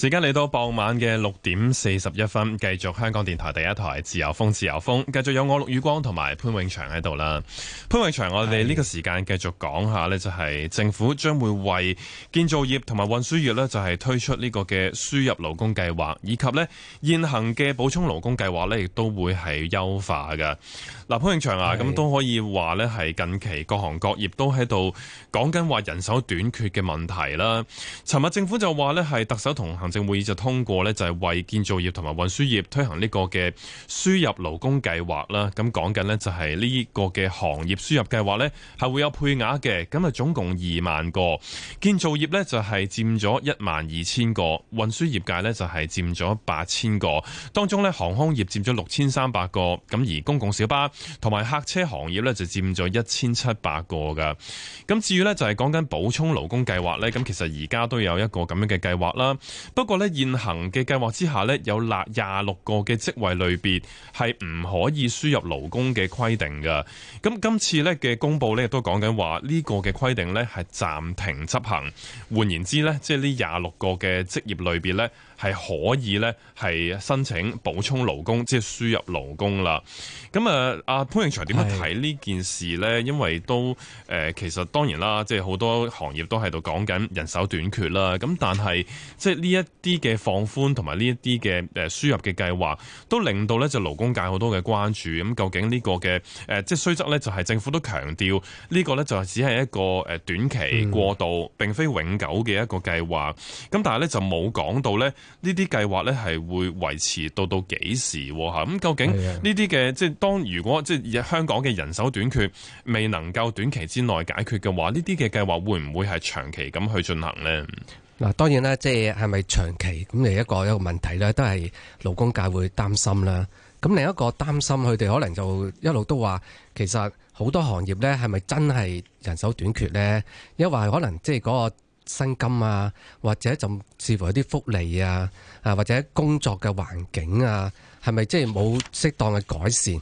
時間嚟到傍晚嘅六點四十一分，繼續香港電台第一台自由風，自由風繼續有我陸宇光同埋潘永祥喺度啦。潘永祥，我哋呢個時間繼續講下呢就係政府將會為建造業同埋運輸業呢就係推出呢個嘅輸入勞工計劃，以及呢現行嘅補充勞工計劃呢亦都會係優化㗎。嗱，潘永祥啊，咁都可以話呢係近期各行各業都喺度講緊話人手短缺嘅問題啦。尋日政府就話呢係特首同行，行政會議就通過咧，就係為建造業同埋運輸業推行呢個嘅輸入勞工計劃啦。咁講緊呢，就係呢個嘅行業輸入計劃呢，係會有配額嘅。咁啊，總共二萬個建造業呢就係佔咗一萬二千個；運輸業界呢就係佔咗八千個。當中呢，航空業佔咗六千三百個。咁而公共小巴同埋客車行業呢，就佔咗一千七百個㗎。咁至於呢，就係講緊補充勞工計劃呢。咁其實而家都有一個咁樣嘅計劃啦。不過咧，現行嘅計劃之下咧，有立廿六個嘅職位類別係唔可以輸入勞工嘅規定噶。咁今次咧嘅公布咧，亦都講緊話呢個嘅規定咧係暫停執行。換言之咧，即係呢廿六個嘅職業類別咧。係可以咧，係申請補充勞工，即係輸入勞工啦。咁啊，阿潘永祥點樣睇呢件事呢？因為都誒、呃，其實當然啦，即係好多行業都喺度講緊人手短缺啦。咁但係，即係呢一啲嘅放寬同埋呢一啲嘅誒輸入嘅計劃，都令到咧就勞工界好多嘅關注。咁究竟呢個嘅即係雖則呢，呃、就係政府都強調呢、呢個呢就係只係一個短期過渡，嗯、並非永久嘅一個計劃。咁但係呢，就冇講到呢。呢啲計劃咧係會維持到到幾時喎？吓！咁究竟呢啲嘅即係當如果即係香港嘅人手短缺，未能夠短期之內解決嘅話，呢啲嘅計劃會唔會係長期咁去進行呢？嗱，當然啦，即係係咪長期咁係一個一個問題呢？都係勞工界會擔心啦。咁另一個擔心，佢哋可能就一路都話，其實好多行業呢，係咪真係人手短缺呢？因為可能即係嗰個。薪金啊，或者就似乎有啲福利啊，啊或者工作嘅環境啊，係咪即係冇適當嘅改善？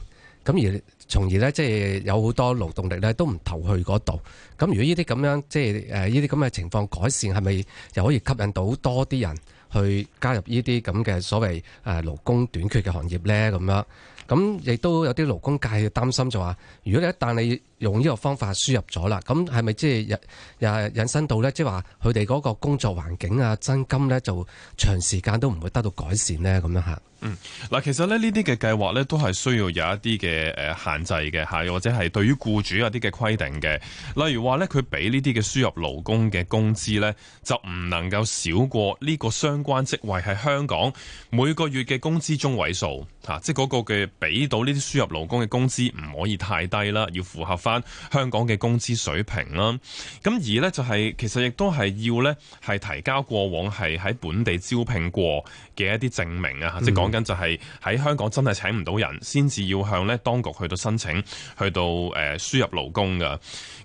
咁而從而咧，即係有好多勞動力咧都唔投去嗰度。咁如果呢啲咁樣，即係誒呢啲咁嘅情況改善，係咪又可以吸引到多啲人去加入呢啲咁嘅所謂誒勞工短缺嘅行業咧？咁樣，咁亦都有啲勞工界擔心，就話，如果你一旦你用呢個方法輸入咗啦，咁係咪即係引引引申到咧？即係話佢哋嗰個工作環境啊、薪金咧，就長時間都唔會得到改善咧？咁樣嚇。嗯，嗱，其實咧呢啲嘅計劃咧都係需要有一啲嘅誒限制嘅嚇，或者係對於僱主一啲嘅規定嘅。例如話咧，佢俾呢啲嘅輸入勞工嘅工資咧，就唔能夠少過呢個相關職位喺香港每個月嘅工資中位數嚇，即係嗰個嘅俾到呢啲輸入勞工嘅工資唔可以太低啦，要符合翻。香港嘅工資水平啦，咁而呢就係其實亦都係要呢，係提交過往係喺本地招聘過。嘅一啲證明啊，即係講緊就係喺香港真係請唔到人，先至要向呢當局去到申請，去到誒輸入勞工㗎。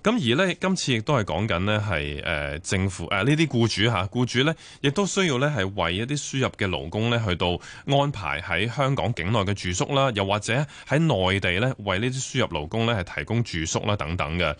咁而呢，今次亦都係講緊呢係誒政府誒呢啲僱主嚇僱主呢亦都需要呢係為一啲輸入嘅勞工呢去到安排喺香港境內嘅住宿啦，又或者喺內地呢為呢啲輸入勞工呢係提供住宿啦等等嘅。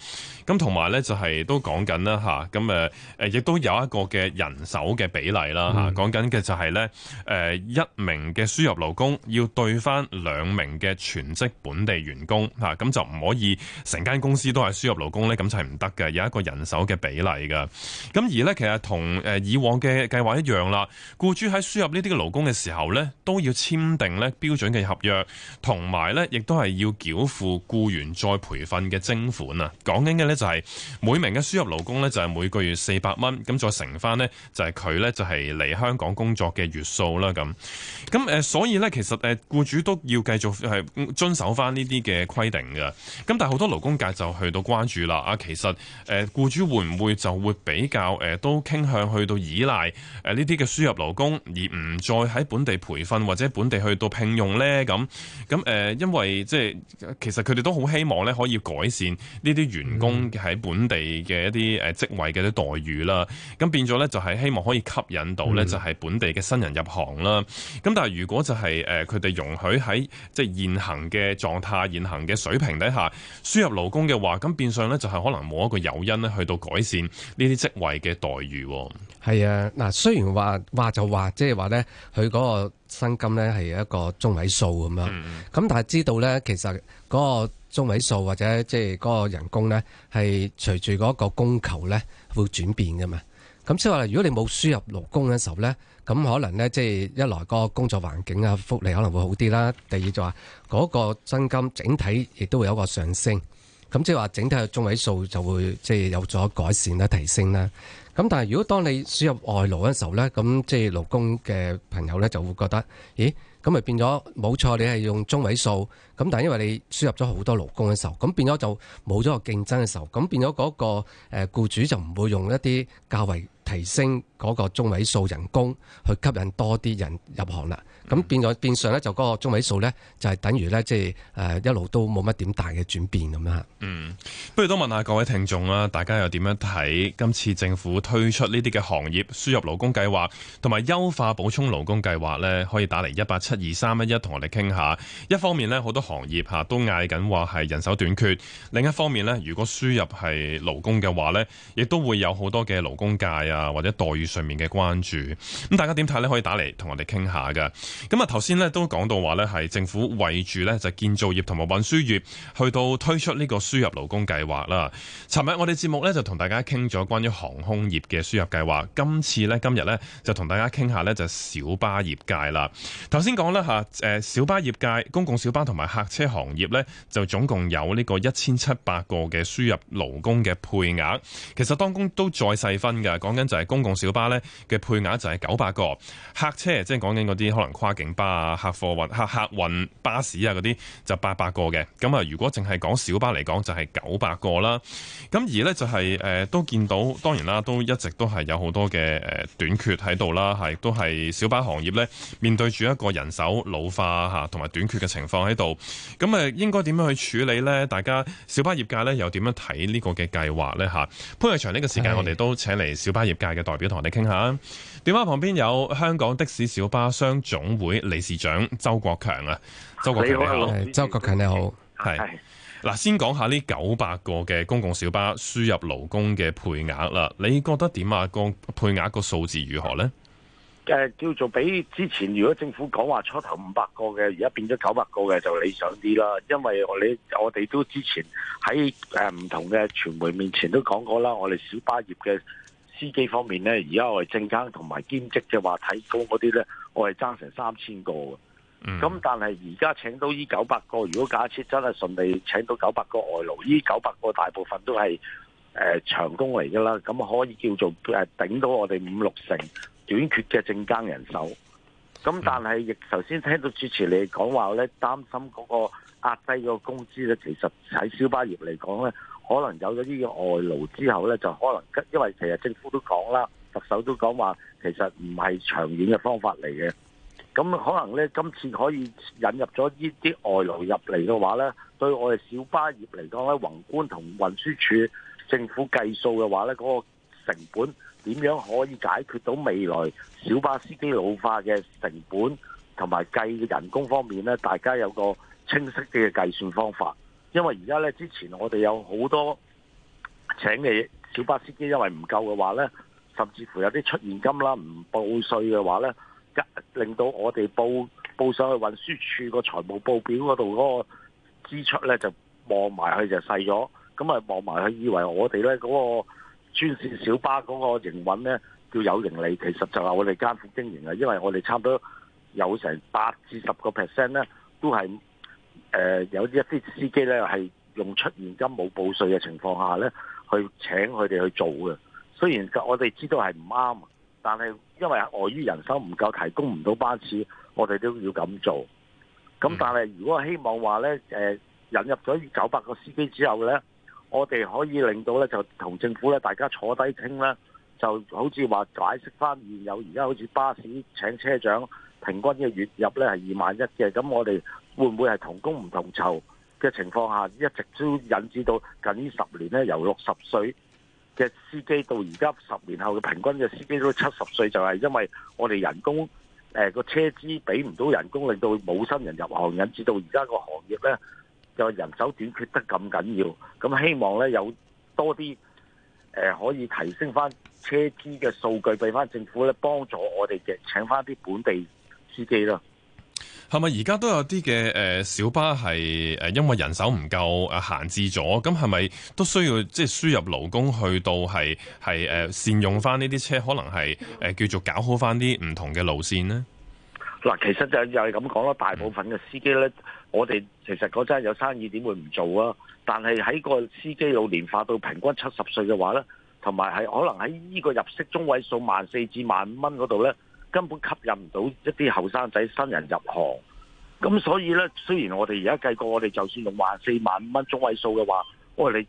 咁同埋呢就係、是、都講緊啦吓，咁誒亦都有一個嘅人手嘅比例啦吓，講緊嘅就係呢。呃、一名嘅輸入勞工要對翻兩名嘅全職本地員工嚇，咁、啊、就唔可以成間公司都係輸入勞工咧，咁就係唔得嘅，有一個人手嘅比例嘅。咁而呢，其實同、呃、以往嘅計劃一樣啦，僱主喺輸入呢啲嘅勞工嘅時候呢，都要簽訂呢標準嘅合約，同埋呢亦都係要繳付僱員再培訓嘅徵款啊。講緊嘅呢，就係每名嘅輸入勞工呢，就係、是、每個月四百蚊，咁再乘翻呢，就係、是、佢呢，就係、是、嚟香港工作嘅月數。好啦，咁咁誒，所以咧，其實誒，僱主都要繼續係遵守翻呢啲嘅規定嘅。咁但係好多勞工界就去到關注啦啊，其實誒，僱主會唔會就會比較誒都傾向去到依賴誒呢啲嘅輸入勞工，而唔再喺本地培訓或者本地去到聘用咧？咁咁誒，因為即係其實佢哋都好希望咧，可以改善呢啲員工喺本地嘅一啲誒職位嘅啲待遇啦。咁變咗咧，就係希望可以吸引到咧，就係本地嘅新人入行。行啦，咁但係如果就係誒，佢哋容許喺即係現行嘅狀態、現行嘅水平底下輸入勞工嘅話，咁變相咧就係可能冇一個誘因咧去到改善呢啲職位嘅待遇。係啊，嗱，雖然話話就話即係話咧，佢嗰個薪金咧係一個中位數咁樣，咁、嗯、但係知道咧，其實嗰個中位數或者即係嗰個人工咧係隨住嗰個供求咧會轉變噶嘛。咁即係話，如果你冇輸入勞工嘅時候咧。咁可能呢，即係一來個工作環境啊，福利可能會好啲啦；第二就話嗰個薪金整體亦都會有一個上升，咁即係話整體嘅中位數就會即係有咗改善啦、提升啦。咁但係如果當你輸入外勞嘅時候呢，咁即係勞工嘅朋友呢就會覺得，咦？咁咪變咗冇錯，你係用中位數，咁但係因為你輸入咗好多勞工嘅時候，咁變咗就冇咗個競爭嘅時候，咁變咗嗰個誒僱主就唔會用一啲較為提升嗰個中位數人工去吸引多啲人入行啦。咁變咗變相咧，就嗰個中位數咧，就係等於咧、就是，即係、呃一路都冇乜點大嘅轉變咁啦。嗯，不如都問下各位聽眾啦，大家又點樣睇今次政府推出呢啲嘅行業輸入勞工計劃同埋優化補充勞工計劃咧？可以打嚟一八七二三一一同我哋傾下。一方面咧，好多行業都嗌緊話係人手短缺；另一方面咧，如果輸入係勞工嘅話咧，亦都會有好多嘅勞工界啊或者待遇上面嘅關注。咁大家點睇咧？可以打嚟同我哋傾下噶。咁啊，頭先咧都講到話咧，係政府為住咧就建造業同埋運輸業去到推出呢個輸入勞工計劃啦。尋日我哋節目咧就同大家傾咗關於航空業嘅輸入計劃。今次咧今日咧就同大家傾下咧就小巴業界啦。頭先講啦吓誒小巴業界，公共小巴同埋客車行業咧就總共有呢個一千七百個嘅輸入勞工嘅配額，其實當中都再細分嘅，講緊就係公共小巴咧嘅配額就係九百個客車，即係講緊嗰啲可能跨境巴啊，客貨運、客客運巴士啊，嗰啲就八百個嘅。咁啊，如果淨係講小巴嚟講，就係九百個啦。咁而呢，就係、是、誒、呃，都見到，當然啦，都一直都係有好多嘅誒短缺喺度啦，係都係小巴行業呢，面對住一個人手老化吓，同埋短缺嘅情況喺度。咁啊，應該點樣去處理呢？大家小巴業界呢，又點樣睇呢個嘅計劃呢？吓潘玉祥呢、這個時間，我哋都請嚟小巴業界嘅代表同我哋傾下。電話旁邊有香港的士小巴商總會理事長周國強啊。周國強，周國強你好，係嗱，先講下呢九百個嘅公共小巴輸入勞工嘅配額啦，你覺得點啊？個配額個數字如何呢？誒，叫做比之前，如果政府講話初頭五百個嘅，而家變咗九百個嘅就理想啲啦，因為我哋我哋都之前喺誒唔同嘅傳媒面前都講過啦，我哋小巴業嘅。司機方面咧，而家我係正更同埋兼職嘅話，睇高嗰啲咧，我係爭成三千個嘅。咁但係而家請到呢九百個，如果假設真係順利請到九百個外勞，呢九百個大部分都係誒、呃、長工嚟噶啦，咁可以叫做誒頂到我哋五六成短缺嘅正更人手。咁但係亦頭先聽到主持你講話咧，擔心嗰個壓低個工資咧，其實喺小巴業嚟講咧。可能有咗呢啲外勞之後咧，就可能因為其實政府都講啦，特首都講話，其實唔係長遠嘅方法嚟嘅。咁可能咧，今次可以引入咗呢啲外勞入嚟嘅話咧，對我哋小巴業嚟講咧，宏觀同運輸署政府計數嘅話咧，嗰個成本點樣可以解決到未來小巴司機老化嘅成本同埋計人工方面咧，大家有個清晰啲嘅計算方法。因為而家咧，之前我哋有好多請你小巴司機，因為唔夠嘅話咧，甚至乎有啲出現金啦，唔報稅嘅話咧，一令到我哋報報上去運輸署個財務報表嗰度嗰個支出呢，就望埋去就細咗。咁啊，望埋去，以為我哋呢嗰、那個專線小巴嗰個營運咧叫有盈利，其實就係我哋艱苦經營啊，因為我哋差唔多有成八至十個 percent 呢，都係。誒有一啲司機咧，係用出現金冇報稅嘅情況下咧，去請佢哋去做嘅。雖然我哋知道係唔啱，但係因為礙於人手唔夠，提供唔到巴士，我哋都要咁做。咁但係如果希望話咧，引入咗九百個司機之後咧，我哋可以令到咧就同政府咧大家坐低傾咧，就好似話解釋翻現有而家好似巴士請車長。平均嘅月入咧係二萬一嘅，咁我哋會唔會係同工唔同酬嘅情況下，一直都引致到近十年咧，由六十歲嘅司機到而家十年後嘅平均嘅司機都七十歲，就係因為我哋人工誒個、呃、車資俾唔到人工，令到冇新人入行，引致到而家個行業咧就人手短缺得咁緊要。咁希望咧有多啲誒、呃、可以提升翻車資嘅數據，俾翻政府咧幫助我哋嘅請翻啲本地司機咯，係咪而家都有啲嘅誒小巴係誒因為人手唔夠誒閒置咗，咁係咪都需要即係輸入勞工去到係係誒善用翻呢啲車，可能係誒叫做搞好翻啲唔同嘅路線呢？嗱，其實就又係咁講啦，大部分嘅司機咧，我哋其實嗰陣有生意，點會唔做啊？但係喺個司機老年化到平均七十歲嘅話咧，同埋係可能喺呢個入息中位數萬四至萬五蚊嗰度咧。根本吸引唔到一啲後生仔新人入行，咁所以咧，雖然我哋而家計過，我哋就算用萬四萬五蚊中位數嘅話，喂，你，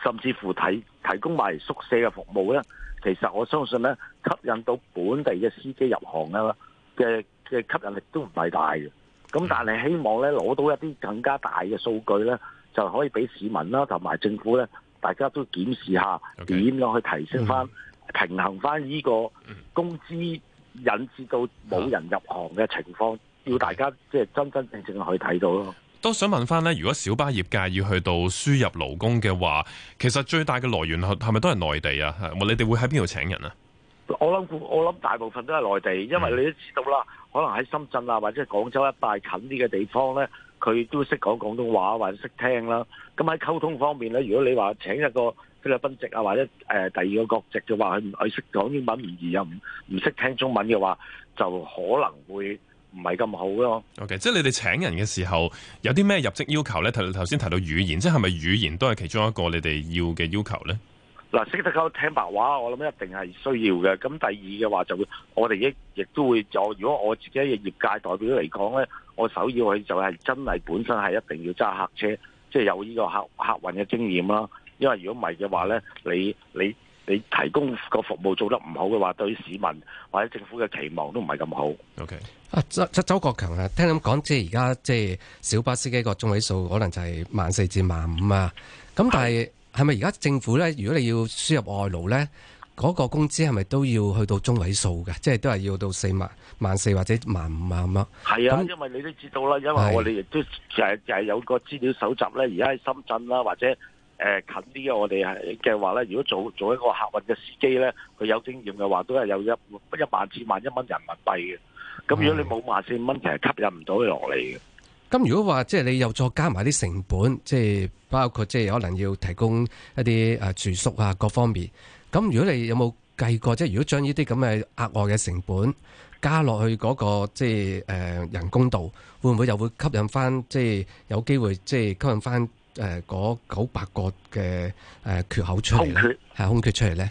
甚至乎提提供埋宿舍嘅服務咧，其實我相信咧，吸引到本地嘅司機入行啊嘅嘅吸引力都唔係大嘅。咁但係希望咧攞到一啲更加大嘅數據咧，就可以俾市民啦同埋政府咧，大家都檢視一下點樣去提升翻、okay. 平衡翻呢個工資。引致到冇人入行嘅情況，要大家即係真真正正去睇到咯。都想問翻咧，如果小巴業界要去到輸入勞工嘅話，其實最大嘅來源係咪都係內地啊？係你哋會喺邊度請人啊？我諗，我諗大部分都係內地，因為你都知道啦，可能喺深圳啊或者係廣州一帶近啲嘅地方咧，佢都識講廣東話或者識聽啦。咁喺溝通方面咧，如果你話請一個，菲律賓籍啊，或者誒、呃、第二個國籍嘅話，佢佢唔識講英文唔易啊，唔唔識聽中文嘅話，就可能會唔係咁好咯、啊。OK，即係你哋請人嘅時候有啲咩入職要求咧？頭頭先提到語言，即係咪語言都係其中一個你哋要嘅要求咧？嗱，識得講聽白話，我諗一定係需要嘅。咁第二嘅話就會，我哋亦亦都會再。如果我自己嘅業界代表嚟講咧，我首要佢就係真係本身係一定要揸客車，即係有呢個客客運嘅經驗啦。因為如果唔係嘅話咧，你你你提供個服務做得唔好嘅話，對市民或者政府嘅期望都唔係咁好。O K。啊，周周國強啊，聽咁講即係而家即係小巴司機個中位數可能就係萬四至萬五啊。咁但係係咪而家政府咧，如果你要輸入外勞咧，嗰個工資係咪都要去到中位數嘅？即係都係要到四萬、萬四或者萬五啊咁樣。係啊，因為你都知道啦，因為我哋亦都係係有個資料搜集咧，而家喺深圳啦或者。誒，近啲我哋係嘅話咧，如果做做一個客運嘅司機咧，佢有經驗嘅話，都係有一一萬至萬一蚊人民幣嘅。咁如果你冇萬四蚊，其實吸引唔到佢落嚟嘅。咁如果話即係你又再加埋啲成本，即係包括即係可能要提供一啲誒住宿啊各方面。咁如果你有冇計過，即係如果將呢啲咁嘅額外嘅成本加落去嗰個即係誒人工度，會唔會又會吸引翻？即係有機會，即係吸引翻。誒、呃，九百個嘅誒、呃、缺口出嚟，係空缺出嚟咧。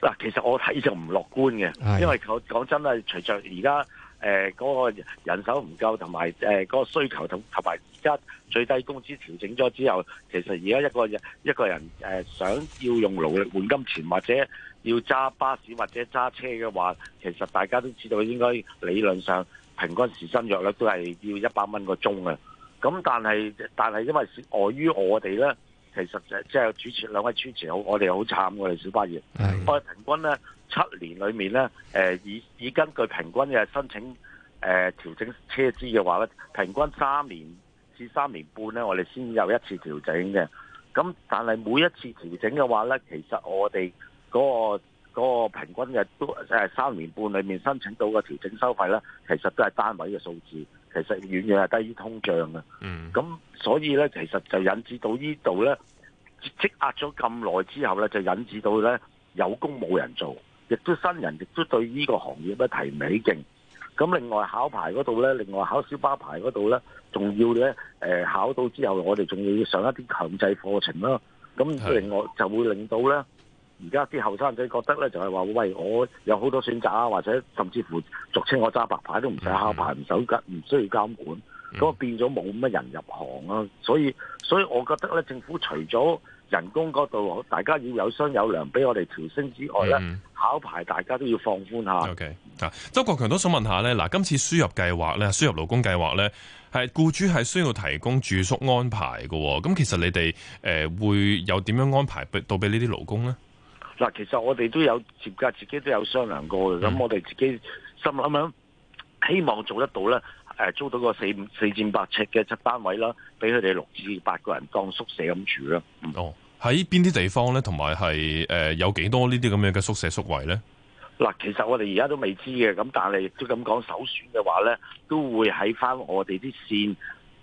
嗱，其實我睇就唔樂觀嘅，因為講真啦，隨着而家誒嗰個人手唔夠，同埋誒嗰個需求同同埋而家最低工資調整咗之後，其實而家一個一個人誒、呃、想要用勞力換金錢，或者要揸巴士或者揸車嘅話，其實大家都知道應該理論上平均時薪約率都係要一百蚊個鐘嘅。咁但係，但係因為礙於我哋咧，其實就即係主持兩位主持，我我哋好慘，我哋小巴業。我哋平均咧七年裏面咧，誒、呃、以以根據平均嘅申請誒、呃、調整車資嘅話咧，平均三年至三年半咧，我哋先有一次調整嘅。咁但係每一次調整嘅話咧，其實我哋嗰、嗰個嗰個平均嘅都誒三年半裏面申請到嘅調整收費咧，其實都係單位嘅數字。其實遠遠係低於通脹嘅，咁、嗯、所以咧，其實就引致到呢度咧積壓咗咁耐之後咧，就引致到咧有工冇人做，亦都新人亦都對呢個行業咧提唔起勁。咁另外考牌嗰度咧，另外考小巴牌嗰度咧，仲要咧誒考到之後，我哋仲要上一啲強制課程啦。咁另外就會令到咧。而家啲後生仔覺得咧，就係、是、話喂，我有好多選擇啊，或者甚至乎俗稱我揸白牌都唔使考牌，唔守監，唔需要監管，咁、嗯、變咗冇乜人入行啊。所以所以，我覺得咧，政府除咗人工嗰度，大家要有商有量俾我哋調升之外咧、嗯，考牌大家都要放寬下。O K，啊，周國強都想問下咧，嗱，今次輸入計劃咧，輸入勞工計劃咧，係僱主係需要提供住宿安排嘅，咁其實你哋誒、呃、會有點樣安排俾到俾呢啲勞工咧？嗱，其實我哋都有接嘅，自己都有商量過嘅。咁、嗯、我哋自己心諗諗，希望做得到咧。誒、呃，租到個四至八千尺嘅七單位啦，俾佢哋六至八個人當宿舍咁住咯。嗯，哦，喺邊啲地方咧，同埋係誒有幾、呃、多呢啲咁樣嘅宿舍宿位咧？嗱，其實我哋而家都未知嘅，咁但係都咁講，首選嘅話咧，都會喺翻我哋啲線。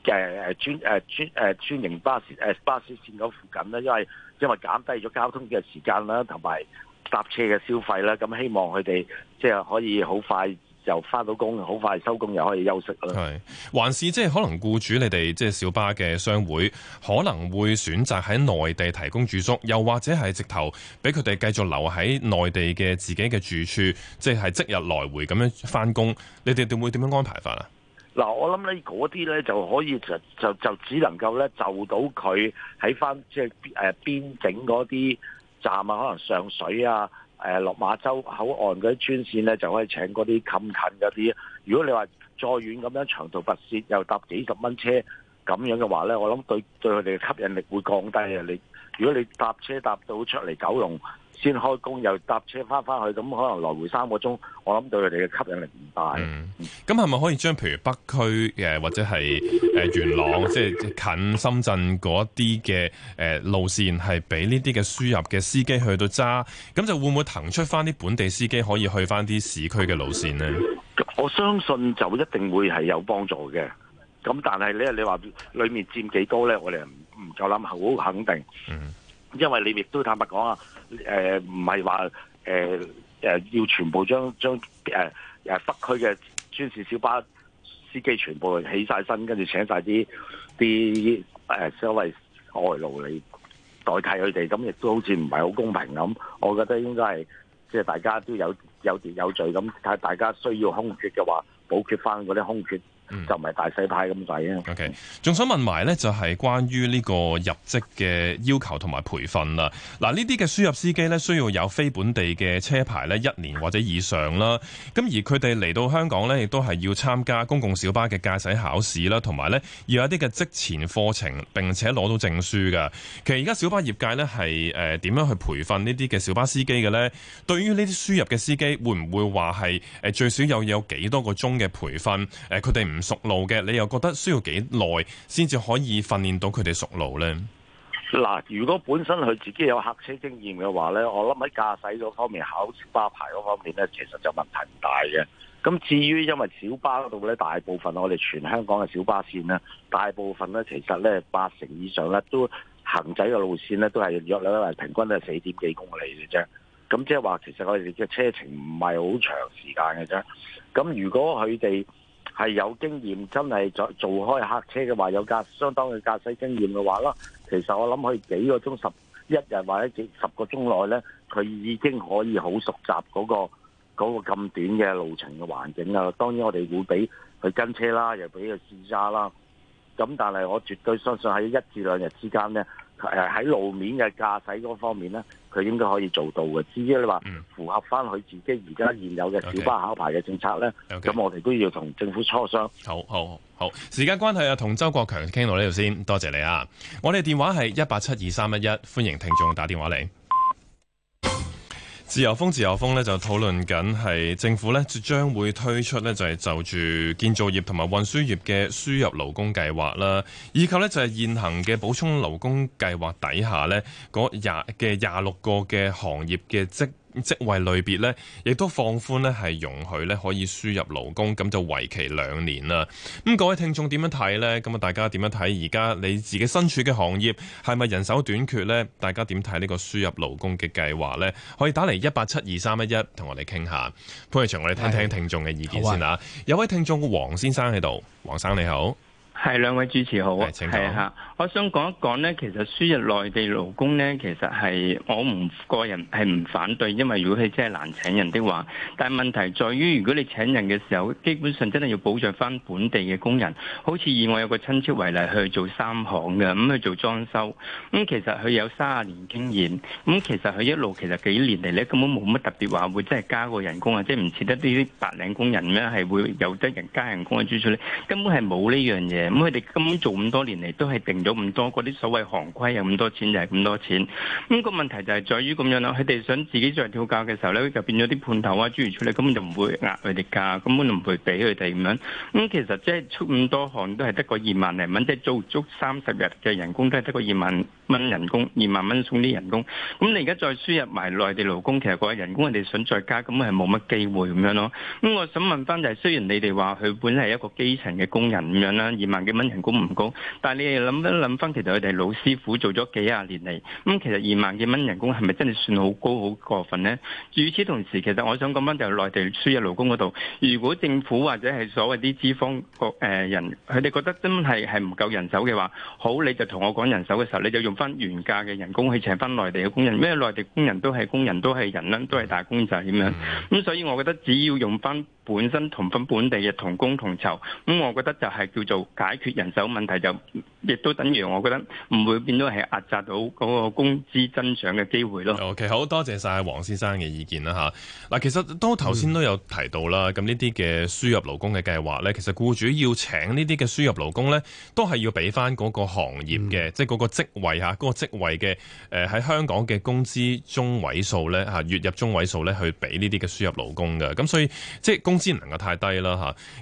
嘅專誒專誒專營巴士誒、啊、巴士線嗰附近咧，因為因為減低咗交通嘅時間啦，同埋搭車嘅消費啦，咁希望佢哋即係可以好快就翻到工，好快收工又可以休息啦。係，還是即係可能僱主你哋即係小巴嘅商會可能會選擇喺內地提供住宿，又或者係直頭俾佢哋繼續留喺內地嘅自己嘅住處，即、就、係、是、即日來回咁樣翻工，你哋會點樣安排法啊？嗱，我諗咧嗰啲咧就可以就就就只能夠咧就到佢喺翻即係誒邊境嗰啲站啊，可能上水啊、誒落馬洲口岸嗰啲專線咧，就可以請嗰啲近近嗰啲。如果你話再遠咁樣長途跋涉又搭幾十蚊車咁樣嘅話咧，我諗對對佢哋嘅吸引力會降低啊！你如果你搭車搭到出嚟九龍。先開工又搭車翻翻去，咁可能來回三個鐘，我諗對佢哋嘅吸引力唔大。咁係咪可以將譬如北區嘅或者係誒元朗，即係近深圳嗰啲嘅誒路線，係俾呢啲嘅輸入嘅司機去到揸，咁就會唔會騰出翻啲本地司機可以去翻啲市區嘅路線呢？我相信就一定會係有幫助嘅。咁但係你你話裡面佔幾高呢？我哋唔唔夠諗好肯定。嗯因為你亦都坦白講啊，誒唔係話誒誒要全部將將誒誒北區嘅專線小巴司機全部起晒身，跟住請晒啲啲誒所謂外勞嚟代替佢哋，咁亦都好似唔係好公平咁。我覺得應該係即係大家都有有秩有序咁，睇大家需要空缺嘅話，補缺翻嗰啲空缺。就唔係大細派咁滯啊！OK，仲想問埋咧，就係關於呢個入職嘅要求同埋培訓啦。嗱，呢啲嘅輸入司機咧，需要有非本地嘅車牌咧，一年或者以上啦。咁而佢哋嚟到香港咧，亦都係要參加公共小巴嘅駕駛考試啦，同埋咧要有一啲嘅職前課程，並且攞到證書嘅。其實而家小巴業界咧係誒點樣去培訓呢啲嘅小巴司機嘅咧？對於呢啲輸入嘅司機會唔會話係誒最少又有幾多個鐘嘅培訓誒佢哋唔？熟路嘅，你又覺得需要幾耐先至可以訓練到佢哋熟路呢？嗱，如果本身佢自己有客車經驗嘅話呢，我諗喺駕駛嗰方面、考小巴牌嗰方面呢，其實就問題唔大嘅。咁至於因為小巴度呢，大部分我哋全香港嘅小巴線呢，大部分呢，其實呢，八成以上呢都行仔嘅路線呢，都係約略呢，平均都係四點幾公里嘅啫。咁即係話，其實我哋嘅車程唔係好長時間嘅啫。咁如果佢哋係有經驗，真係在做開客車嘅話，有駕相當嘅駕駛經驗嘅話啦，其實我諗佢幾個鐘十一日或者十個鐘內呢，佢已經可以好熟習嗰、嗰個咁短嘅路程嘅環境啊。當然我哋會俾佢跟車啦，又俾佢試揸啦。咁但係我絕對相信喺一至兩日之間呢，喺路面嘅駕駛嗰方面呢。佢應該可以做到嘅，至於你話符合翻佢自己而家現有嘅小巴考牌嘅政策咧，咁、okay. okay. 我哋都要同政府磋商。好好好,好，時間關係啊，同周國強傾到呢度先，多謝你啊！我哋電話係一八七二三一一，歡迎聽眾打電話嚟。自由風，自由風咧就討論緊係政府咧就將會推出咧就係、是、就住建造業同埋運輸業嘅輸入勞工計劃啦，以及咧就係、是、現行嘅補充勞工計劃底下咧嗰廿嘅廿六個嘅行業嘅職職位類別呢，亦都放寬呢，係容許呢可以輸入勞工，咁就為期兩年啦。咁各位聽眾點樣睇呢？咁啊，大家點樣睇？而家你自己身處嘅行業係咪人手短缺呢？大家點睇呢個輸入勞工嘅計劃呢？可以打嚟一八七二三一一同我哋傾下。潘偉祥，我哋聽聽聽眾嘅意見先啦、啊。有位聽眾黃先生喺度，黃生你好。嗯係兩位主持好，係吓，我想講一講呢，其實輸入內地勞工呢，其實係我唔個人係唔反對，因為如果佢真係難請人的話，但係問題在於，如果你請人嘅時候，基本上真係要保障翻本地嘅工人。好似以我有個親戚為例去做三行嘅，咁、嗯、去做裝修，咁、嗯、其實佢有三十年經驗，咁、嗯、其實佢一路其實幾年嚟呢，根本冇乜特別話會真係加個人工啊，即係唔似得啲白領工人呢係會有得人加人工嘅支出呢，根本係冇呢樣嘢。咁佢哋根本做咁多年嚟，都係定咗咁多，嗰啲所謂行規有咁多錢就係咁多錢。咁個問題就係在於咁樣咯，佢哋想自己再跳價嘅時候咧，就變咗啲判頭啊，諸如出嚟根本就唔會壓佢哋價，根本就唔會俾佢哋咁樣。咁其實即係出咁多行都係得個二萬零蚊，即係做足三十日嘅人工都係得個二萬蚊人工，二萬蚊送啲人工。咁你而家再輸入埋內地勞工，其實個人工人哋想再加，咁係冇乜機會咁樣咯。咁我想問翻就係，雖然你哋話佢本嚟係一個基層嘅工人咁樣啦，而萬幾蚊人工唔高，但係你哋諗一諗翻，其實佢哋老師傅做咗幾廿年嚟，咁其實二萬幾蚊人工係咪真係算好高好過分呢？與此同時，其實我想講翻就係內地輸入勞工嗰度，如果政府或者係所謂啲資方個、呃、人，佢哋覺得真係係唔夠人手嘅話，好你就同我講人手嘅時候，你就用翻原價嘅人工去請翻內地嘅工人，因為內地工人都係工人，都係人啦，都係打工仔咁樣。咁所以，我覺得只要用翻本身同分本地嘅同工同酬，咁我覺得就係叫做。解決人手問題就亦都等於，我覺得唔會變得是到係壓榨到嗰個工資增長嘅機會咯。OK，好多謝晒王先生嘅意見啦嚇。嗱，其實都頭先都有提到啦，咁呢啲嘅輸入勞工嘅計劃咧，其實僱主要請呢啲嘅輸入勞工咧，都係要俾翻嗰個行業嘅，嗯，即係嗰個職位嚇，嗰、嗰個職位嘅，誒喺香港嘅工資中位數咧嚇，月入中位數咧去俾呢啲嘅輸入勞工嘅。咁所以即係工資唔能夠太低啦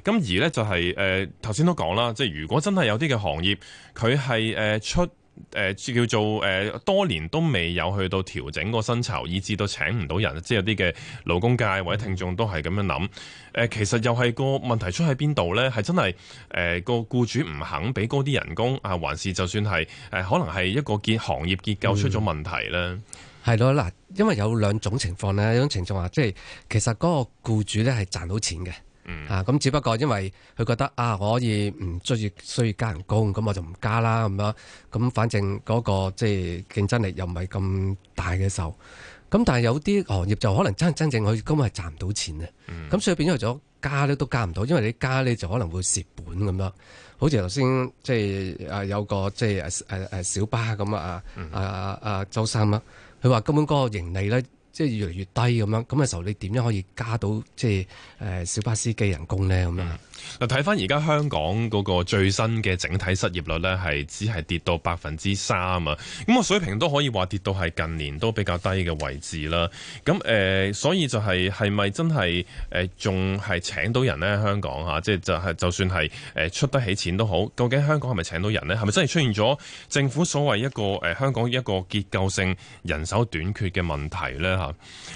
嚇。咁而咧就係誒頭先都講啦，即係。如果真係有啲嘅行業，佢係誒出誒叫做誒、呃、多年都未有去到調整個薪酬，以至到請唔到人，即係有啲嘅勞工界或者聽眾都係咁樣諗。誒、呃、其實又係個問題出喺邊度咧？係真係誒個僱主唔肯俾高啲人工，啊還是就算係誒、呃、可能係一個結行業結構出咗問題咧？係咯嗱，因為有兩種情況咧，一種情況啊，即係其實嗰個僱主咧係賺到錢嘅。嗯、啊，咁只不過因為佢覺得啊，我可以唔追，需要加人工，咁我就唔加啦，咁、嗯、咁反正嗰、那個即係、就是、競爭力又唔係咁大嘅時候，咁但係有啲行業就可能真係真正佢根本係賺唔到錢咧，咁、嗯、所以變咗加咧都加唔到，因為你加咧就可能會蝕本咁樣，好似頭先即係有個即係小巴咁啊啊啊，啊，啊，啊周生啦，佢話根本嗰個盈利咧。即係越嚟越低咁樣，咁嘅時候你點樣可以加到即係、呃、小巴司機人工咧咁樣？嗱，睇翻而家香港嗰個最新嘅整體失業率呢係只係跌到百分之三啊，咁、個水平都可以話跌到係近年都比較低嘅位置啦。咁誒、呃，所以就係係咪真係誒、呃、仲係請到人呢？香港嚇，即、啊、係就係、係、就算係誒出得起錢都好，究竟香港係咪請到人呢？係咪真係出現咗政府所謂一個誒、呃、香港一個結構性人手短缺嘅問題呢？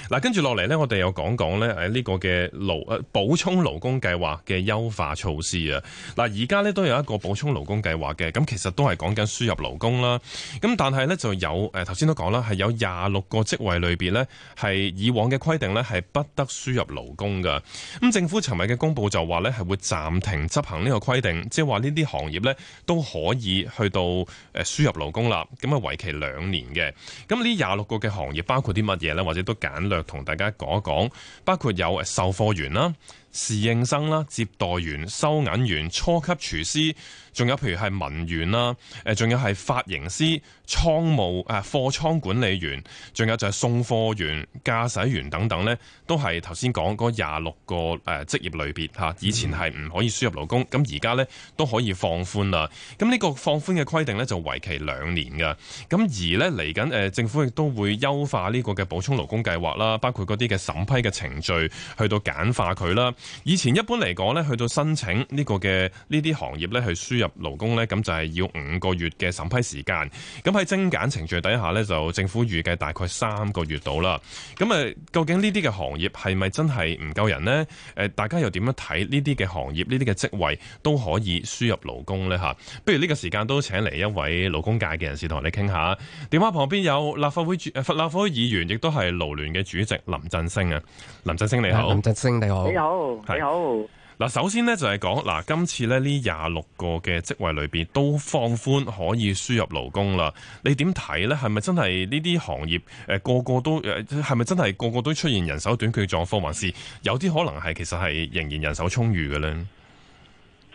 嚇，嗱，跟住落嚟呢，我哋又講講呢，誒呢個嘅勞誒補充勞工計劃嘅優化措施啊！嗱，而家咧都有一個補充勞工計劃嘅，咁其實都係講緊輸入勞工啦。咁但係咧就有誒，頭先都講啦，係有廿六個職位類別呢，係以往嘅規定呢，係不得輸入勞工噶。咁政府尋日嘅公布就話呢，係會暫停執行呢個規定，即係話呢啲行業呢，都可以去到誒輸入勞工啦。咁啊為期兩年嘅。咁呢廿六個嘅行業包括啲乜嘢呢？或者都簡略同大家講一講，包括有售貨員啦。侍應生啦、接待員、收銀員、初級廚師。仲有譬如係文員啦，誒仲有係髮型師、倉務、誒貨倉管理員，仲有就係送貨員、駕駛員等等咧，都係頭先講嗰廿六個誒呃、職業類別吓、啊、以前係唔可以輸入勞工，咁而家咧都可以放寬啦。咁呢個放寬嘅規定咧就為期兩年嘅。咁、啊、而咧嚟緊，誒政府亦都會優化呢個嘅補充勞工計劃啦，包括嗰啲嘅審批嘅程序，去到簡化佢啦、啊。以前一般嚟講咧，去到申請呢個嘅呢啲行業咧去輸。入勞工呢，咁就係要五個月嘅審批時間。咁喺精簡程序底下呢，就政府預計大概三個月到啦。咁啊，究竟呢啲嘅行業係咪真係唔夠人呢？誒，大家又點樣睇呢啲嘅行業、呢啲嘅職位都可以輸入勞工呢？吓，不如呢個時間都請嚟一位勞工界嘅人士同我哋傾下。電話旁邊有立法會主、呃、立法會議員亦都係勞聯嘅主席林振昇啊。林振昇你好，林振昇你好，你好，你好。嗱，首先咧，就係講，嗱，今次咧呢廿六個嘅職位裏邊都放寬可以輸入勞工啦。你點睇呢？係咪真係呢啲行業誒、呃、個個都誒？係、呃、係咪真係個個都出現人手短缺嘅狀況？還是有啲可能係其實係仍然人手充裕嘅呢？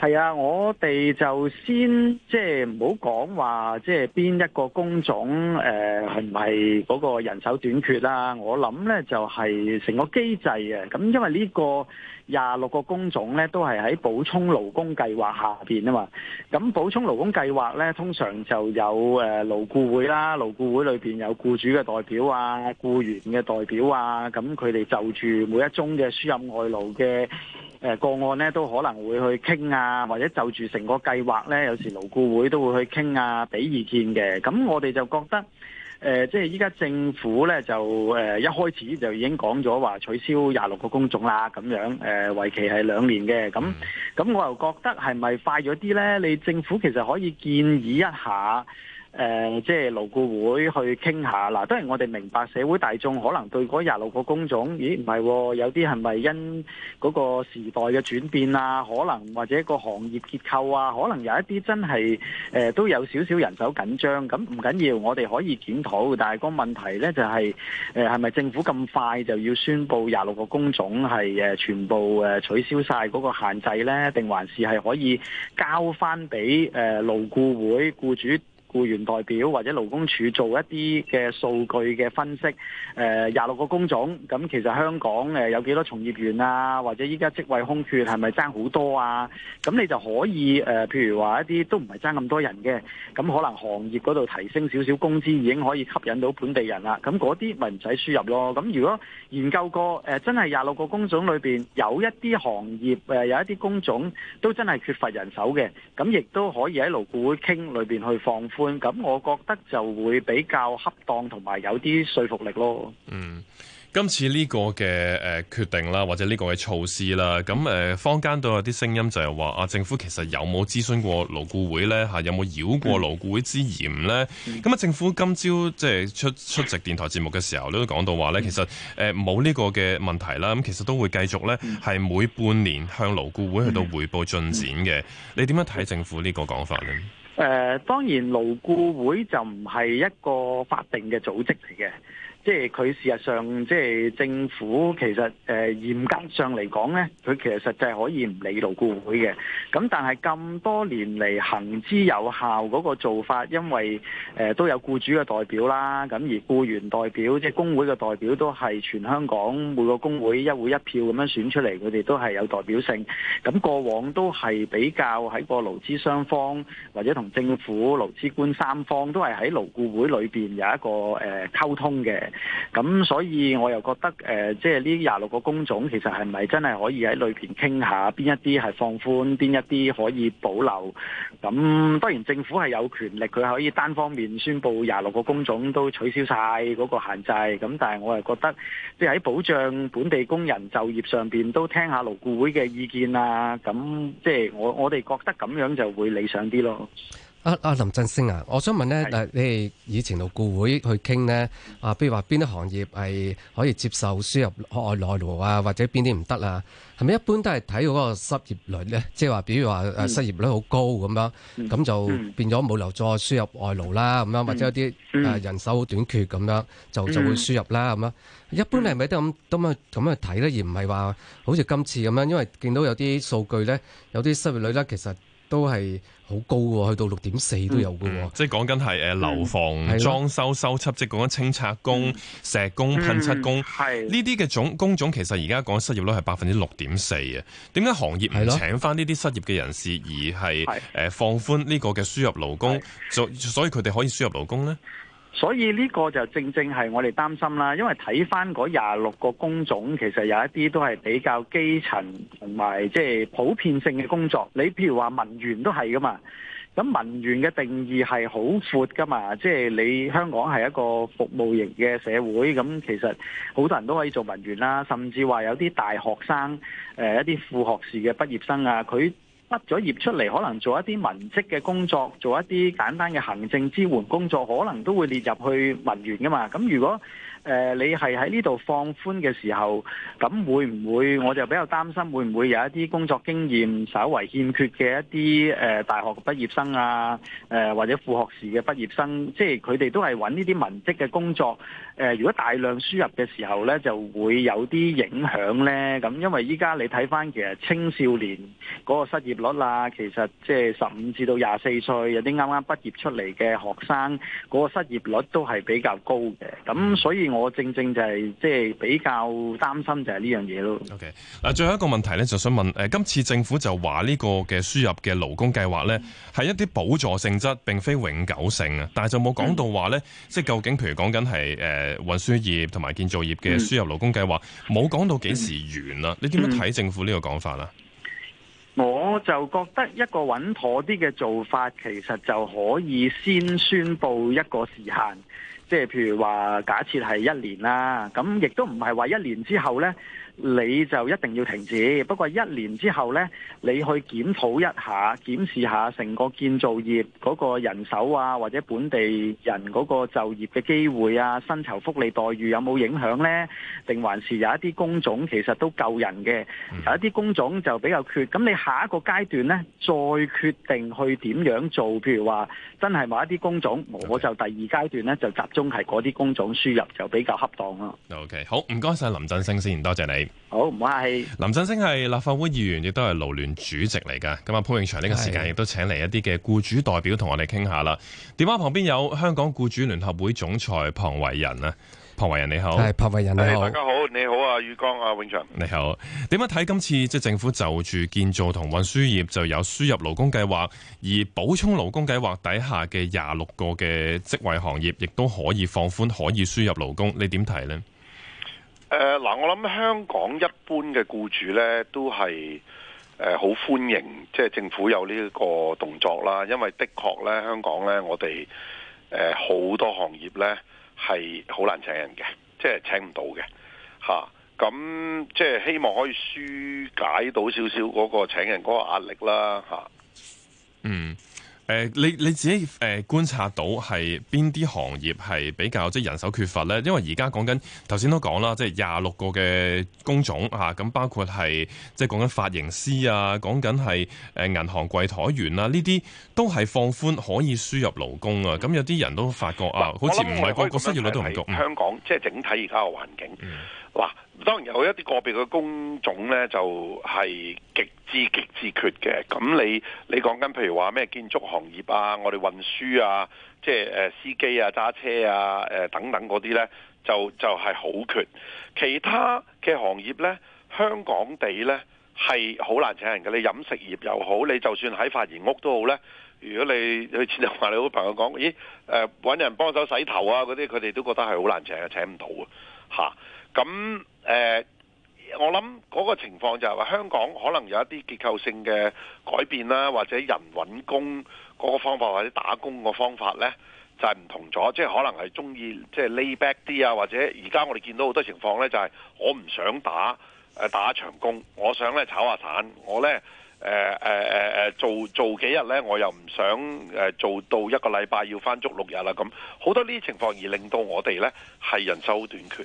係啊，我哋就先即係唔好講話，即係邊一個工種誒係唔係嗰個人手短缺啦，啊？我諗呢就係成個機制啊。咁因為呢個。廿六個工種咧，都係喺補充勞工計劃下邊啊嘛。咁補充勞工計劃咧，通常就有誒勞顧會啦，勞顧會裏邊有僱主嘅代表啊，僱員嘅代表啊，咁佢哋就住每一宗嘅輸入外勞嘅誒個案咧，都可能會去傾啊，或者就住成個計劃咧，有時勞顧會都會去傾啊，俾意見嘅。咁我哋就覺得。誒、呃，即係依家政府咧就誒、呃、一開始就已經講咗話取消廿六個工種啦，咁樣誒，呃、為期期係兩年嘅，咁咁我又覺得係咪快咗啲咧？你政府其實可以建議一下。誒、呃，即係勞顧會去傾下，嗱，都係我哋明白社會大眾可能對嗰廿六個工種，咦，唔係、哦，有啲係咪因嗰個時代嘅轉變啊？可能或者個行業結構啊，可能有一啲真係誒、呃、都有少少人手緊張。咁唔緊要，我哋可以檢討。但係個問題呢、就是，就、呃、係，誒，係咪政府咁快就要宣佈廿六個工種係誒全部誒取消晒嗰個限制呢？定還是係可以交翻俾誒勞顧會僱主？雇員代表或者勞工處做一啲嘅數據嘅分析，誒廿六個工種，咁其實香港有幾多從業員啊？或者依家職位空缺係咪爭好多啊？咁你就可以誒、呃，譬如話一啲都唔係爭咁多人嘅，咁可能行業嗰度提升少少工資已經可以吸引到本地人啦。咁嗰啲咪唔使輸入咯。咁如果研究過誒、呃、真係廿六個工種裏面有一啲行業、呃、有一啲工種都真係缺乏人手嘅，咁亦都可以喺勞顧會傾裏邊去放。咁，我覺得就會比較恰當同埋有啲說服力咯。嗯，今次呢個嘅誒決定啦，或者呢個嘅措施啦，咁誒，坊間都有啲聲音就係話啊，政府其實有冇諮詢過勞顧會咧？嚇，有冇繞過勞顧會之嫌咧？咁、嗯、啊、嗯，政府今朝即係出出席電台節目嘅時候，你都講到話咧，其實誒冇呢個嘅問題啦。咁其實都會繼續咧，係每半年向勞顧會去到回報進展嘅。你點樣睇政府呢個講法呢？誒、呃，當然勞顧會就唔係一個法定嘅組織嚟嘅。即係佢事實上，即係政府其實誒、呃、嚴格上嚟講咧，佢其實實際係可以唔理勞顧會嘅。咁但係咁多年嚟行之有效嗰個做法，因為誒、呃、都有僱主嘅代表啦，咁而僱員代表即係工會嘅代表都係全香港每個工會一會一票咁樣選出嚟，佢哋都係有代表性。咁過往都係比較喺個勞資雙方或者同政府、勞資官三方都係喺勞顧會裏面有一個誒、呃、溝通嘅。咁所以我又覺得誒，即係呢廿六個工種其實係咪真係可以喺裏邊傾下，邊一啲係放寬，邊一啲可以保留？咁當然政府係有權力，佢可以單方面宣布廿六個工種都取消晒嗰個限制。咁但係我又覺得，即係喺保障本地工人就業上邊，都聽下勞顧會嘅意見啊。咁即係我我哋覺得咁樣就會理想啲咯。阿、啊、林振昇啊，我想問咧，誒、啊、你哋以前勞顧會去傾咧，啊，比如話邊啲行業係可以接受輸入外勞啊，或者邊啲唔得啊？係咪一般都係睇嗰個失業率咧？即係話，比如話誒失業率好高咁樣，咁、嗯、就變咗冇留再輸入外勞啦，咁、嗯、樣或者有啲誒人手好短缺咁樣，就就會輸入啦，咁樣一般你係咪都咁都咁去睇咧？而唔係話好似今次咁樣，因為見到有啲數據咧，有啲失業率咧其實都係。好高喎，去到六點四都有㗎喎、嗯。即係講緊係誒樓房裝修修葺，即係講緊清拆工、嗯、石工、噴漆工，呢啲嘅總工種。其實而家講失業率係百分之六點四啊。點解行業唔請翻呢啲失業嘅人士，而係、呃、放寬呢個嘅輸入勞工，所所以佢哋可以輸入勞工呢？所以呢個就正正係我哋擔心啦，因為睇翻嗰廿六個工種，其實有一啲都係比較基層同埋即係普遍性嘅工作。你譬如話文員都係噶嘛，咁文員嘅定義係好闊噶嘛，即係你香港係一個服務型嘅社會，咁其實好多人都可以做文員啦，甚至話有啲大學生，呃、一啲副學士嘅畢業生啊，佢，畢咗業出嚟，可能做一啲文職嘅工作，做一啲簡單嘅行政支援工作，可能都會列入去文員噶嘛。咁如果，誒，你係喺呢度放寬嘅時候，咁會唔會？我就比較擔心會唔會有一啲工作經驗稍為欠缺嘅一啲誒大學畢業生啊，誒或者副學士嘅畢業生，即係佢哋都係揾呢啲文職嘅工作。誒，如果大量輸入嘅時候咧，就會有啲影響咧。咁因為依家你睇返其實青少年嗰個失業率啦，其實即係十五至到廿四歲有啲啱啱畢業出嚟嘅學生嗰個失業率都係比較高嘅。咁所以我。我正正就係即係比較擔心就係呢樣嘢咯。OK，嗱最後一個問題呢，就想問誒，今次政府就話呢個嘅輸入嘅勞工計劃呢，係一啲補助性質，並非永久性啊。但係就冇講到話呢、嗯，即係究竟譬如講緊係誒運輸業同埋建造業嘅輸入勞工計劃，冇、嗯、講到幾時完啦、嗯。你點樣睇政府呢個講法啦？嗯我我就覺得一個穩妥啲嘅做法，其實就可以先宣布一個時限，即係譬如話假設係一年啦。咁亦都唔係話一年之後呢，你就一定要停止。不過一年之後呢，你去檢討一下、檢視下成個建造業嗰個人手啊，或者本地人嗰個就業嘅機會啊、薪酬福利待遇有冇影響呢？定還是有一啲工種其實都夠人嘅，有一啲工種就比較缺。咁你下一個階段呢，再決定去點樣做，譬如話真係某一啲工種，okay. 我就第二階段呢，就集中係嗰啲工種輸入就比較恰當啦。OK，好，唔該晒林振昇先，多謝你。好，唔該林振昇係立法會議員，亦都係勞聯主席嚟噶。咁啊，潘永祥呢個時間亦都請嚟一啲嘅雇主代表同我哋傾下啦。電話旁邊有香港雇主聯合會總裁龐維仁啊。龐維仁，你好，係龐維仁，你好。Hey, 大家好，你好啊，宇光啊，永祥，你好。點樣睇今次即係政府就住建造同運輸業就有輸入勞工計劃，而補充勞工計劃底下嘅廿六個嘅職位行業，亦都可以放寬可以輸入勞工。你點睇呢？誒，嗱，我諗香港一般嘅雇主咧都係誒好歡迎，即係政府有呢一個動作啦。因為的確咧，香港咧，我哋誒好多行業咧。係好難請人嘅，即係請唔到嘅，吓、啊、咁即係希望可以紓解到少少嗰個請人嗰個壓力啦，吓、啊、嗯。誒、呃，你你自己誒、呃、觀察到係邊啲行業係比較即係人手缺乏咧？因為而家講緊頭先都講啦，即係廿六個嘅工種啊，咁包括係即係講緊髮型師啊，講緊係誒銀行櫃台員啊，呢啲都係放寬可以輸入勞工啊。咁有啲人都發覺、呃、啊，好似唔係，個失業率都唔高。香港即係整體而家嘅環境。嗯。嗱、啊，當然有一啲個別嘅工種咧，就係、是、極之極之缺嘅。咁你你講緊譬如話咩建築行業啊，我哋運輸啊，即、就、係、是、司機啊、揸車啊、等等嗰啲咧，就就係、是、好缺。其他嘅行業咧，香港地咧係好難請人嘅。你飲食業又好，你就算喺髮型屋都好咧。如果你去前話你好朋友講，咦誒、呃、搵人幫手洗頭啊嗰啲，佢哋都覺得係好難請嘅，請唔到咁誒、呃，我諗嗰個情況就係、是、話香港可能有一啲結構性嘅改變啦，或者人揾工嗰個方法，或者打工個方法咧，就係、是、唔同咗，即係可能係中意即係 lay back 啲啊，或者而家我哋見到好多情況咧、就是，就係我唔想打誒打長工，我想咧炒下散，我咧誒誒誒誒做做幾日咧，我又唔想誒做到一個禮拜要翻足六日啦。咁好多呢啲情況而令到我哋咧係人手短缺。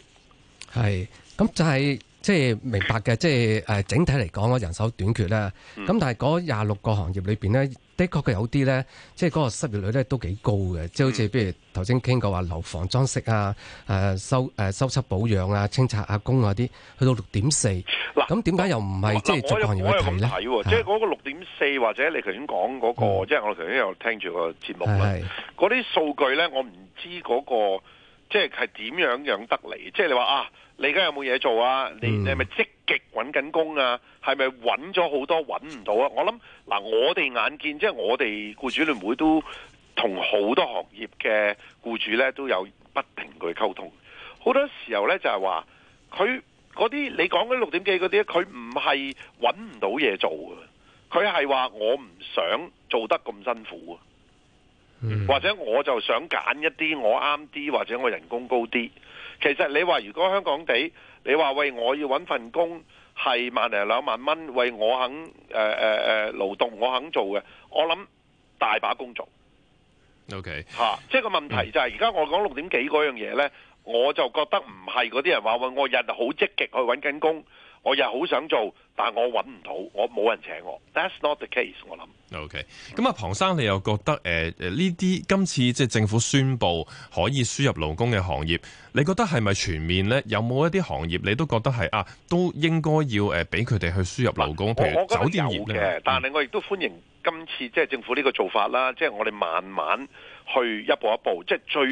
係，咁就係即係明白嘅，即係誒整體嚟講，個人手短缺啦。咁但係嗰廿六個行業裏邊咧，的確佢有啲咧，即係嗰個失業率咧都幾高嘅，即係好似譬如頭先傾過話樓房裝飾啊、誒收誒修葺保養啊、清拆阿公嗰啲，去到六點四。嗱，咁點解又唔係即係逐個行業去睇咧？即係嗰個六點四，或者你頭先講嗰個，即係我頭先有聽住個節目啦。嗰啲數據咧，我唔知嗰個。即係係點樣養得嚟？即係你話啊，你而家有冇嘢做啊？你你係咪積極揾緊工啊？係咪揾咗好多揾唔到啊？我諗嗱，我哋眼見即係我哋僱主聯會都同好多行業嘅僱主咧都有不停去溝通，好多時候呢，就係話佢嗰啲你講緊六點幾嗰啲，佢唔係揾唔到嘢做啊，佢係話我唔想做得咁辛苦啊。或者我就想揀一啲我啱啲，或者我人工高啲。其實你話如果香港地，你話喂，我要揾份工係萬零兩萬蚊，喂我肯誒、呃呃、勞動，我肯做嘅，我諗大把工作。OK、啊、即係個問題就係而家我講六點幾嗰樣嘢呢、嗯，我就覺得唔係嗰啲人話喂，我日日好積極去揾緊工。我又好想做，但係我揾唔到，我冇人請我。That's not the case 我。我諗 OK。咁啊，龐生你又覺得誒呢啲今次即係政府宣布可以輸入勞工嘅行業，你覺得係咪全面咧？有冇一啲行業你都覺得係啊？都應該要誒俾佢哋去輸入勞工，譬如酒店業嘅，我覺得有嘅，但係我亦都歡迎今次即係政府呢個做法啦。即、嗯、係、就是、我哋慢慢去一步一步，即、就、係、是、最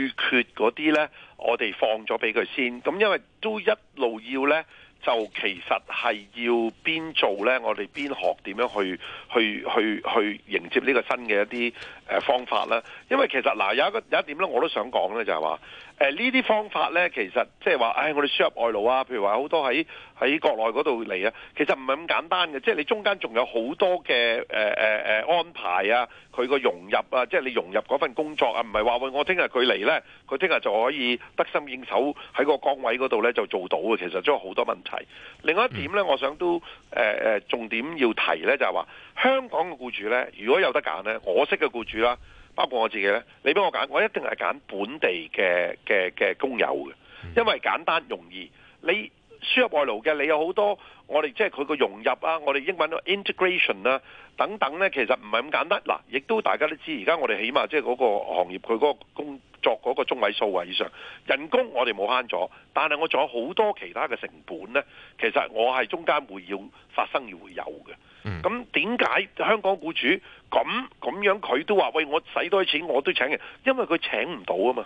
缺嗰啲咧，我哋放咗俾佢先。咁因為都一路要咧。就其實係要邊做咧，我哋邊學點樣去去去去迎接呢個新嘅一啲誒方法啦，因為其實嗱有一個有一點咧，我都想講咧，就係話誒呢啲方法咧，其實即係話，誒、哎、我哋輸入外勞啊，譬如話好多喺喺國內嗰度嚟啊，其實唔係咁簡單嘅，即、就、係、是、你中間仲有好多嘅誒誒誒安排啊，佢個融入啊，即、就、係、是、你融入嗰份工作啊，唔係話喂，我聽日佢嚟咧，佢聽日就可以得心應手喺個崗位嗰度咧就做到嘅，其實都有好多問題。另外一點咧，我想都誒誒、呃、重點要提咧，就係話。香港嘅僱主呢，如果有得揀呢，我識嘅僱主啦，包括我自己呢，你俾我揀，我一定係揀本地嘅嘅嘅工友嘅，因為簡單容易。你輸入外勞嘅，你有好多我哋即係佢個融入啊，我哋英文個 integration 啦、啊、等等呢，其實唔係咁簡單。嗱，亦都大家都知，而家我哋起碼即係嗰個行業，佢嗰個工。作嗰個中位數位以上，人工我哋冇慳咗，但係我仲有好多其他嘅成本呢。其實我係中間會要發生要會有嘅。咁點解香港僱主咁咁樣佢都話喂，我使多啲錢我都請人，因為佢請唔到吖嘛。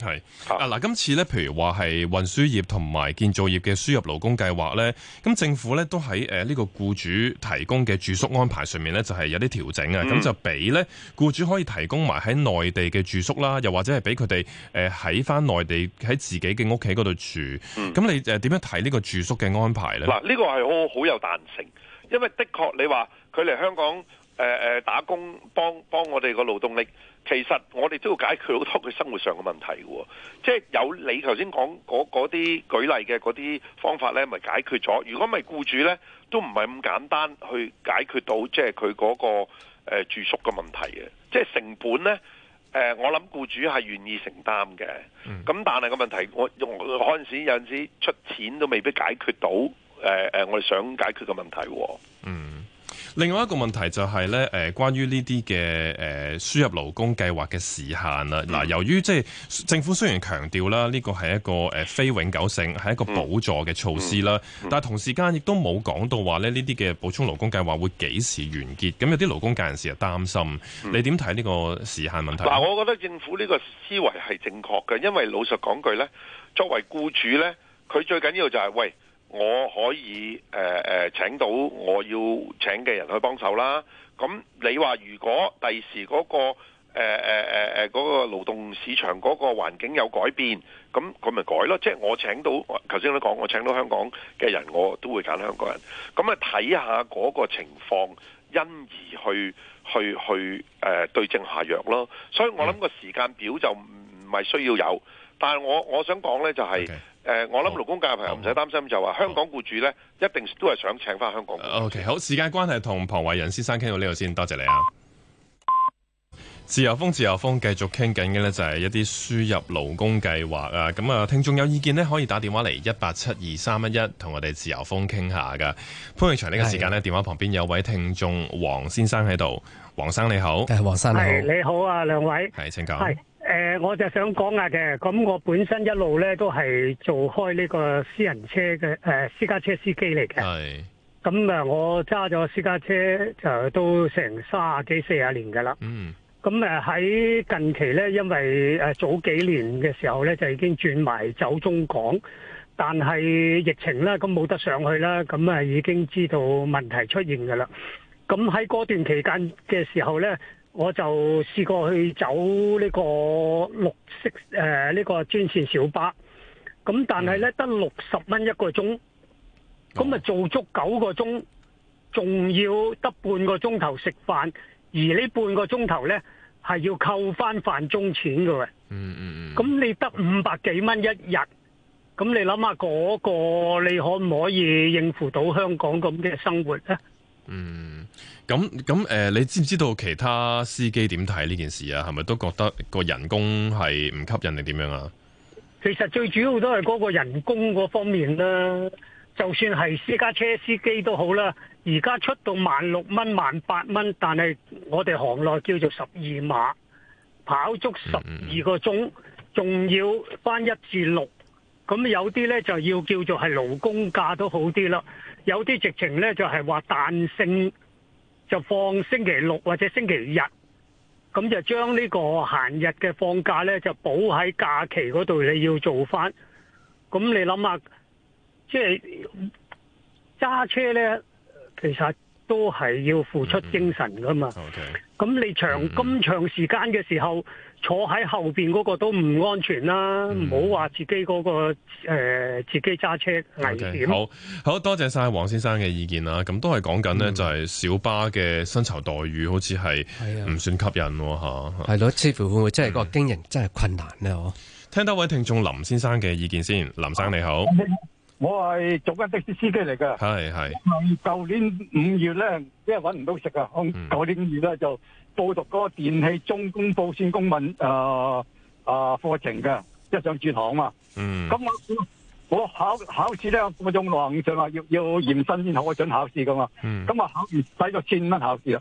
係啊嗱，今次咧，譬如話係運輸業同埋建造業嘅輸入勞工計劃咧，咁政府咧都喺誒呢個僱主提供嘅住宿安排上面咧，就係、是、有啲調整啊。咁、嗯、就俾咧僱主可以提供埋喺內地嘅住宿啦，又或者係俾佢哋誒喺翻內地喺自己嘅屋企嗰度住。咁、嗯、你誒點、呃、樣睇呢個住宿嘅安排咧？嗱、這個，呢個係好好有彈性，因為的確你話佢嚟香港誒誒、呃、打工幫幫我哋個勞動力。其實我哋都要解決好多佢生活上嘅問題嘅，即係有你頭先講嗰啲舉例嘅嗰啲方法呢，咪解決咗。如果唔係僱主呢，都唔係咁簡單去解決到即係佢嗰個、呃、住宿嘅問題嘅。即係成本呢，呃、我諗僱主係願意承擔嘅。咁、嗯、但係個問題，我，我，我有陣時有陣時出錢都未必解決到誒、呃、我哋想解決嘅問題喎。嗯。另外一個問題就係咧，誒關於呢啲嘅誒輸入勞工計劃嘅時限啦。嗱，由於即係政府雖然強調啦，呢個係一個誒非永久性，係一個補助嘅措施啦，但係同時間亦都冇講到話咧呢啲嘅補充勞工計劃會幾時完結。咁有啲勞工界人士又擔心，你點睇呢個時限問題？嗱，我覺得政府呢個思維係正確嘅，因為老實講句咧，作為僱主咧，佢最緊要就係、是、喂。我可以誒誒、呃、請到我要請嘅人去幫手啦。咁你話如果第時嗰、那個誒誒嗰個勞動市場嗰個環境有改變，咁佢咪改咯。即係我請到頭先都講，我請到香港嘅人，我都會揀香港人。咁啊睇下嗰個情況，因而去去去誒、呃、對症下藥咯。所以我諗個時間表就唔係需要有，但係我我想講咧就係、是。Okay. 誒、呃，我諗勞工界嘅朋友唔使擔心，oh. 就話香港僱主咧、oh. 一定都係想請翻香港。OK，好，時間關係同龐維仁先生傾到呢度先，多謝你啊！自由風，自由風繼，繼續傾緊嘅呢就係、是、一啲輸入勞工計劃啊！咁啊，聽眾有意見呢，可以打電話嚟一八七二三一一，同我哋自由風傾下噶。潘永祥呢個時間呢，電話旁邊有位聽眾黃先生喺度，黃生你好，黃生你好，hey, 你好啊，兩位係，hey, 請講。Hey. 誒、呃，我就想講下嘅，咁我本身一路咧都係做開呢個私人車嘅誒、呃、私家車司機嚟嘅。係。咁啊，我揸咗私家車就都成卅幾四十年㗎啦。嗯。咁誒喺近期咧，因為誒早幾年嘅時候咧就已經轉埋走中港，但係疫情咧咁冇得上去啦。咁啊已經知道問題出現㗎啦。咁喺嗰段期間嘅時候咧。我就試過去走呢個綠色誒呢、呃呢個專線小巴，咁但係咧得六十蚊一個鐘，咁、哦、咪做足九個鐘，仲要得半個鐘頭食飯，而呢半個鐘頭咧係要扣翻飯鐘錢嘅喎。嗯嗯咁你得五百幾蚊一日，咁你諗下嗰個你可唔可以應付到香港咁嘅生活咧？嗯，咁咁誒，你知唔知道其他司機點睇呢件事啊？係咪都覺得個人工係唔吸引定點樣啊？其實最主要都係嗰個人工嗰方面啦。就算係私家車司機都好啦，而家出到萬六蚊、萬八蚊，但係我哋行內叫做十二碼，跑足十二個鐘，仲要返一至六，咁有啲咧就要叫做係勞工價都好啲啦。有啲直情咧就係話彈性，就放星期六或者星期日，咁就將呢個閒日嘅放假咧就補喺假期嗰度，你要做翻。咁你諗下，即係揸車咧，其實都係要付出精神噶嘛。咁、mm-hmm. okay. 你長咁長時間嘅時候。坐喺後邊嗰個都唔安全啦、啊，唔好話自己嗰、那個誒、呃、自己揸車危險、okay。好好多謝晒黃先生嘅意見啦，咁都係講緊咧就係小巴嘅薪酬待遇好似係唔算吸引吓。係、嗯、咯、啊啊啊啊啊，似乎會唔會即係個經營真係困難咧、嗯？聽多位聽眾林先生嘅意見先，林生你好，我係做緊的士司機嚟嘅，係係。舊年五月咧，因為揾唔到食啊，我舊、嗯、年五月咧、嗯、就。報讀嗰個電器中工布線工問誒誒課程嘅，即係上住堂嘛。嗯。咁我我考考試咧，我冇中六十五歲啊，要要驗身先考，嗯、考，我準考試噶嘛。咁我考完使咗千五蚊考試啦，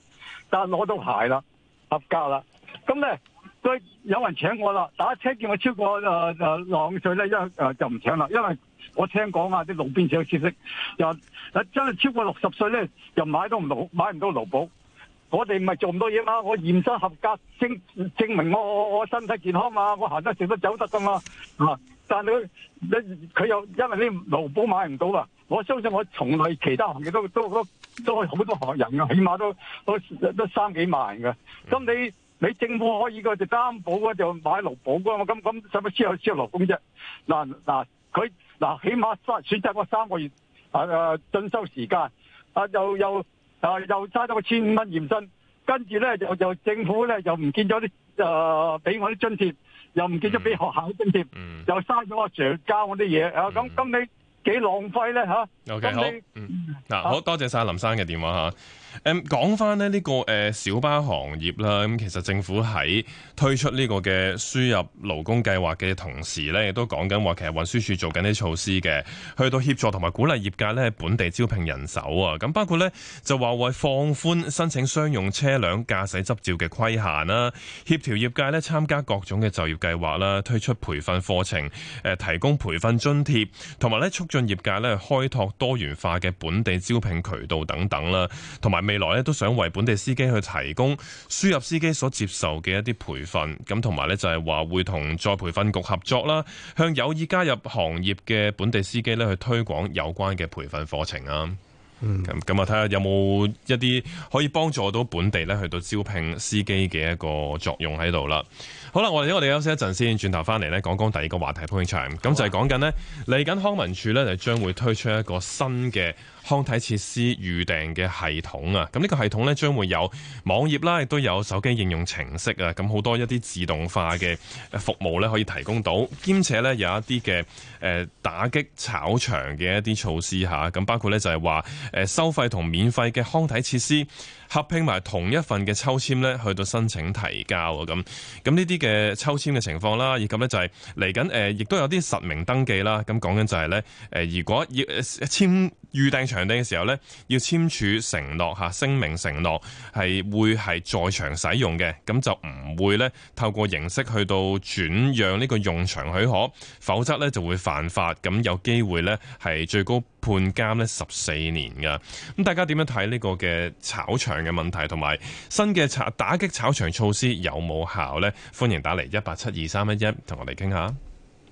但係攞到牌啦，合格啦。咁咧，都有人請我啦。打車見我超過誒誒六十五歲咧，誒、呃呃、就唔請啦，因為我聽講啊，啲路邊車設施又真係超過六十歲咧，又買都唔買唔到勞保。我哋唔係做唔到嘢嘛？我驗身合格，證證明我我我身體健康嘛？我行得食得走得噶嘛？啊！但係佢佢又因為啲勞保買唔到啊！我相信我從來其他行業都都都都好多行人啊，起碼都都都三幾萬㗎。咁、嗯、你你政府可以嘅就擔保嘅就買勞保㗎，嘛？咁咁使乜輸入勞工啫？嗱嗱佢嗱起碼三選擇個三個月啊啊進修時間啊又又～啊！又嘥咗個千五蚊驗身，跟住咧政府咧又唔見咗啲誒，俾我啲津貼，又唔見咗俾、呃、學校啲津貼、嗯，又嘥咗阿 Sir 教我啲嘢、嗯，啊咁咁你幾浪費咧吓？嗱、okay, 啊、好多、嗯啊、謝晒林生嘅電話吓。講返翻呢個、呃、小巴行業啦，咁其實政府喺推出呢個嘅輸入勞工計劃嘅同時呢，亦都講緊話其實運輸署做緊啲措施嘅，去到協助同埋鼓勵業界呢本地招聘人手啊，咁包括呢，就話為放寬申請商用車輛駕駛執照嘅規限啦，協調業界呢參加各種嘅就業計劃啦，推出培訓課程，呃、提供培訓津貼，同埋呢促進業界呢開拓多元化嘅本地招聘渠道等等啦，同埋。未來咧都想為本地司機去提供輸入司機所接受嘅一啲培訓，咁同埋咧就係話會同再培訓局合作啦，向有意加入行業嘅本地司機咧去推廣有關嘅培訓課程啊。咁咁啊睇下有冇一啲可以幫助到本地咧去到招聘司機嘅一個作用喺度啦。好啦，我哋我哋休息一陣先，轉頭翻嚟咧，講講第二個話題鋪場，咁、啊、就係講緊呢，嚟緊康文署咧就將會推出一個新嘅。康體設施預訂嘅系統啊，咁呢個系統呢，將會有網頁啦，亦都有手機應用程式啊，咁好多一啲自動化嘅服務呢，可以提供到，兼且呢有一啲嘅誒打擊炒場嘅一啲措施吓，咁包括呢，就係話誒收費同免費嘅康體設施。合拼埋同一份嘅抽籤咧，去到申請提交啊咁，咁呢啲嘅抽籤嘅情況啦，以及咧就係嚟緊誒，亦、呃、都有啲實名登記啦。咁講緊就係、是、呢，誒、呃、如果要、呃、簽預訂場地嘅時候呢，要簽署承諾嚇、啊、聲明承諾，係會係在場使用嘅，咁就唔會呢透過形式去到轉讓呢個用場許可，否則呢就會犯法，咁有機會呢係最高。判監呢十四年㗎，咁大家點樣睇呢個嘅炒場嘅問題同埋新嘅打擊炒場措施有冇效呢？歡迎打嚟一八七二三一一同我哋傾下。